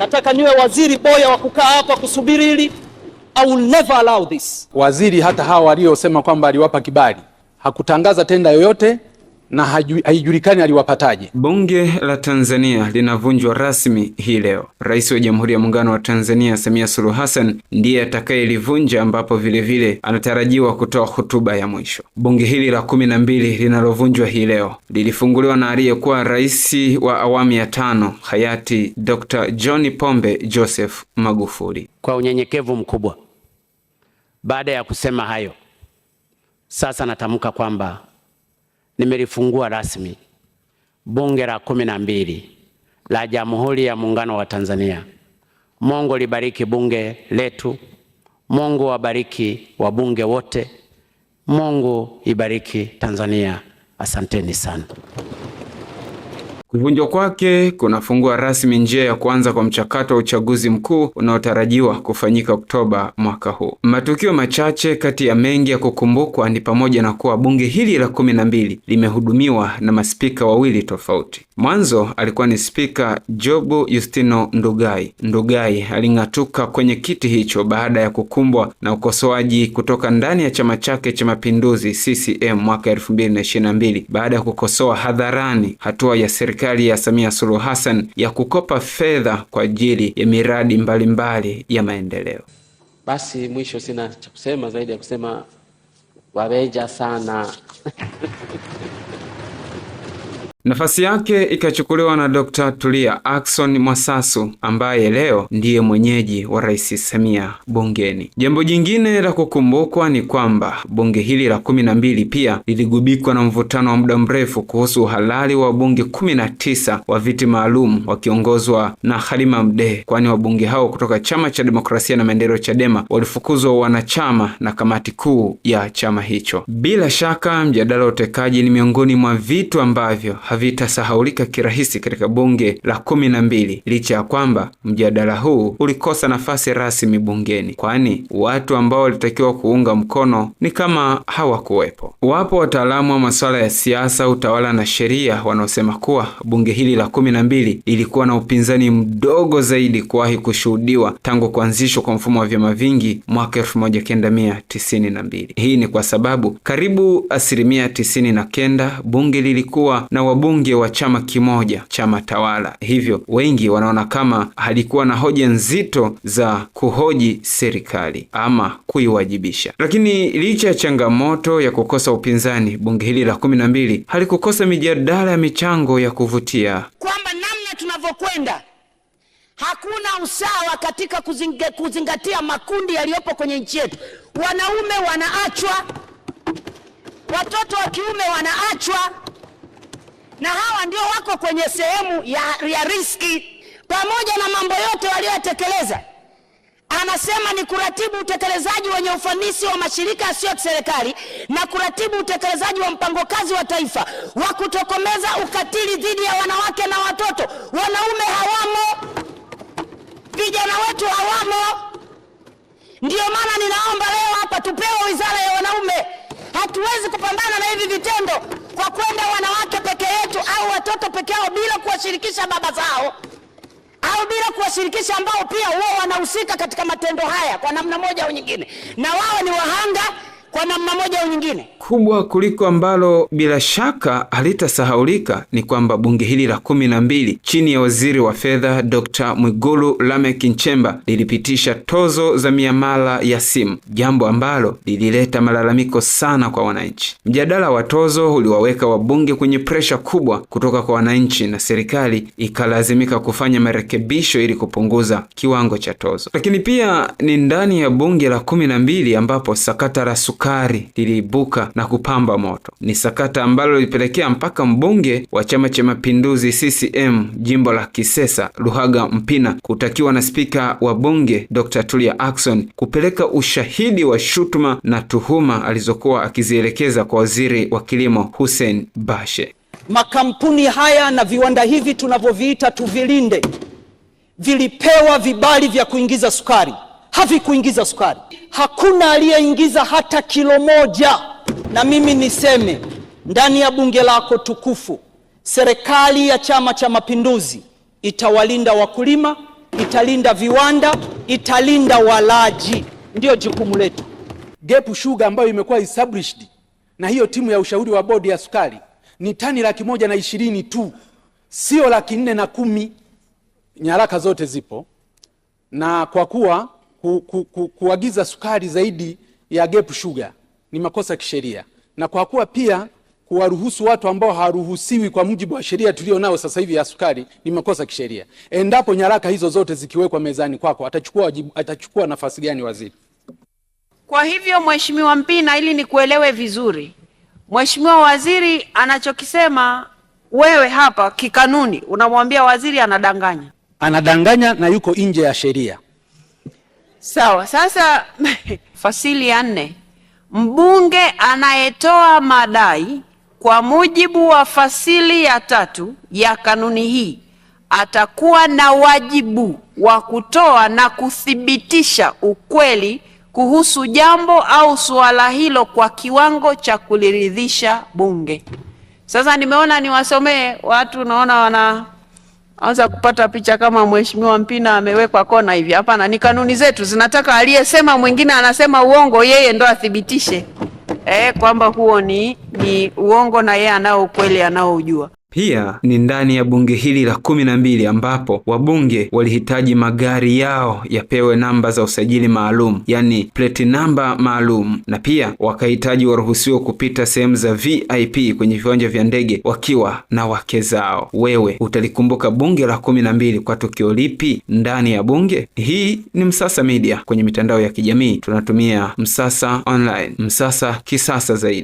nataka niwe waziri boya wa kukaa hapa kusubiri hili. I will never allow this. Waziri hata hawa waliosema kwamba aliwapa kibali hakutangaza tenda yoyote na haijulikani aliwapataje. Bunge la Tanzania linavunjwa rasmi hii leo. Rais wa Jamhuri ya Muungano wa Tanzania Samia Suluhu Hassan ndiye atakayelivunja, ambapo vilevile vile anatarajiwa kutoa hotuba ya mwisho. Bunge hili la kumi na mbili linalovunjwa hii leo lilifunguliwa na aliyekuwa rais wa awamu ya tano hayati Dr. John Pombe Joseph Magufuli. Kwa unyenyekevu mkubwa, baada ya kusema hayo, sasa natamka kwamba nimelifungua rasmi bunge la kumi na mbili la Jamhuri ya Muungano wa Tanzania. Mungu libariki bunge letu, Mungu wabariki wabunge wote, Mungu ibariki Tanzania. Asanteni sana. Kuvunjwa kwake kunafungua rasmi njia ya kuanza kwa mchakato wa uchaguzi mkuu unaotarajiwa kufanyika Oktoba mwaka huu. Matukio machache kati ya mengi ya kukumbukwa ni pamoja na kuwa bunge hili la kumi na mbili limehudumiwa na maspika wawili tofauti. Mwanzo alikuwa ni Spika Jobu Yustino Ndugai. Ndugai aling'atuka kwenye kiti hicho baada ya kukumbwa na ukosoaji kutoka ndani ya chama chake cha mapinduzi CCM mwaka 2022 baada ya kukosoa hadharani hatua ya serikali serikali ya Samia Suluhu Hassan ya kukopa fedha kwa ajili ya miradi mbalimbali mbali ya maendeleo. Basi mwisho, sina cha kusema zaidi ya kusema waweja sana Nafasi yake ikachukuliwa na Dr. Tulia Ackson Mwasasu ambaye leo ndiye mwenyeji wa Rais Samia bungeni. Jambo jingine la kukumbukwa ni kwamba bunge hili la kumi na mbili pia liligubikwa na mvutano wa muda mrefu kuhusu uhalali wa wabunge kumi na tisa wa viti maalum wakiongozwa na Halima Mdee, kwani wabunge hao kutoka Chama cha Demokrasia na Maendeleo Chadema walifukuzwa wanachama na kamati kuu ya chama hicho. Bila shaka mjadala wa utekaji ni miongoni mwa vitu ambavyo havitasahaulika kirahisi katika bunge la kumi na mbili, licha ya kwamba mjadala huu ulikosa nafasi rasmi bungeni, kwani watu ambao walitakiwa kuunga mkono ni kama hawakuwepo. Wapo wataalamu wa masuala ya siasa, utawala na sheria wanaosema kuwa bunge hili la kumi na mbili lilikuwa na upinzani mdogo zaidi kuwahi kushuhudiwa tangu kuanzishwa kwa mfumo wa vyama vingi mwaka 1992. Hii ni kwa sababu karibu asilimia kenda bunge lilikuwa na wabunge wa chama kimoja, chama tawala. Hivyo wengi wanaona kama halikuwa na hoja nzito za kuhoji serikali ama kuiwajibisha. Lakini licha ya changamoto ya kukosa upinzani, bunge hili la kumi na mbili halikukosa mijadala ya michango ya kuvutia, kwamba namna tunavyokwenda hakuna usawa katika kuzing, kuzingatia makundi yaliyopo kwenye nchi yetu. Wanaume wanaachwa, watoto wa kiume wanaachwa na hawa ndio wako kwenye sehemu ya, ya riski. Pamoja na mambo yote waliyotekeleza. anasema ni kuratibu utekelezaji wenye ufanisi wa mashirika yasiyo kiserikali na kuratibu utekelezaji wa mpango kazi wa taifa wa kutokomeza ukatili dhidi ya wanawake na watoto. Wanaume hawamo, vijana wetu hawamo. ndio maana ninaomba leo hapa tupewe wizara ya wanaume. Hatuwezi kupambana na hivi vitendo kwa kweli kuwashirikisha baba zao au bila kuwashirikisha ambao pia wao wanahusika katika matendo haya kwa namna moja au nyingine, na wao ni wahanga kwa namna moja au nyingine. Kubwa kuliko ambalo bila shaka halitasahaulika ni kwamba bunge hili la kumi na mbili chini ya waziri wa fedha Dr. Mwigulu Lameck Nchemba lilipitisha tozo za miamala ya simu, jambo ambalo lilileta malalamiko sana kwa wananchi. Mjadala wa tozo uliwaweka wabunge kwenye presha kubwa kutoka kwa wananchi, na serikali ikalazimika kufanya marekebisho ili kupunguza kiwango cha tozo. Lakini pia ni ndani ya bunge la kumi na mbili ambapo sakata la sukari liliibuka na kupamba moto. Ni sakata ambalo lilipelekea mpaka mbunge wa Chama cha Mapinduzi CCM jimbo la Kisesa Luhaga Mpina kutakiwa na spika wa bunge Dr. Tulia Ackson kupeleka ushahidi wa shutuma na tuhuma alizokuwa akizielekeza kwa waziri wa kilimo Hussein Bashe. Makampuni haya na viwanda hivi tunavyoviita tuvilinde, vilipewa vibali vya kuingiza sukari, havikuingiza sukari hakuna aliyeingiza hata kilo moja. Na mimi niseme ndani ya bunge lako tukufu, serikali ya Chama cha Mapinduzi itawalinda wakulima, italinda viwanda, italinda walaji. Ndiyo jukumu letu. Gepu shuga ambayo imekuwa established na hiyo timu ya ushauri wa bodi ya sukari ni tani laki moja na ishirini tu, sio laki nne na kumi. Nyaraka zote zipo na kwa kuwa ku, ku, ku, kuagiza sukari zaidi ya gap sugar ni makosa kisheria, na kwa kuwa pia kuwaruhusu watu ambao hawaruhusiwi kwa mujibu wa sheria tulio nao sasa hivi ya sukari ni makosa kisheria. Endapo nyaraka hizo zote zikiwekwa mezani kwako, atachukua wajibu, atachukua nafasi gani waziri? Kwa hivyo Mheshimiwa Mpina, ili nikuelewe vizuri, Mheshimiwa waziri anachokisema wewe hapa kikanuni unamwambia waziri anadanganya, anadanganya na yuko nje ya sheria. Sawa. Sasa fasili ya nne, mbunge anayetoa madai kwa mujibu wa fasili ya tatu ya kanuni hii atakuwa na wajibu wa kutoa na kuthibitisha ukweli kuhusu jambo au suala hilo kwa kiwango cha kuliridhisha Bunge. Sasa nimeona niwasomee watu, naona wana anza kupata picha kama mheshimiwa Mpina amewekwa kona hivi. Hapana, ni kanuni zetu zinataka aliyesema mwingine anasema uongo, yeye ndo athibitishe eh, kwamba huo ni, ni uongo na yeye anao ukweli anaoujua. Pia ni ndani ya bunge hili la kumi na mbili ambapo wabunge walihitaji magari yao yapewe namba za usajili maalum, yani plate namba maalum, na pia wakahitaji waruhusiwe kupita sehemu za VIP kwenye viwanja vya ndege wakiwa na wake zao. Wewe utalikumbuka bunge la kumi na mbili kwa tukio lipi ndani ya bunge? Hii ni Msasa Media. Kwenye mitandao ya kijamii tunatumia Msasa Online, Msasa kisasa zaidi.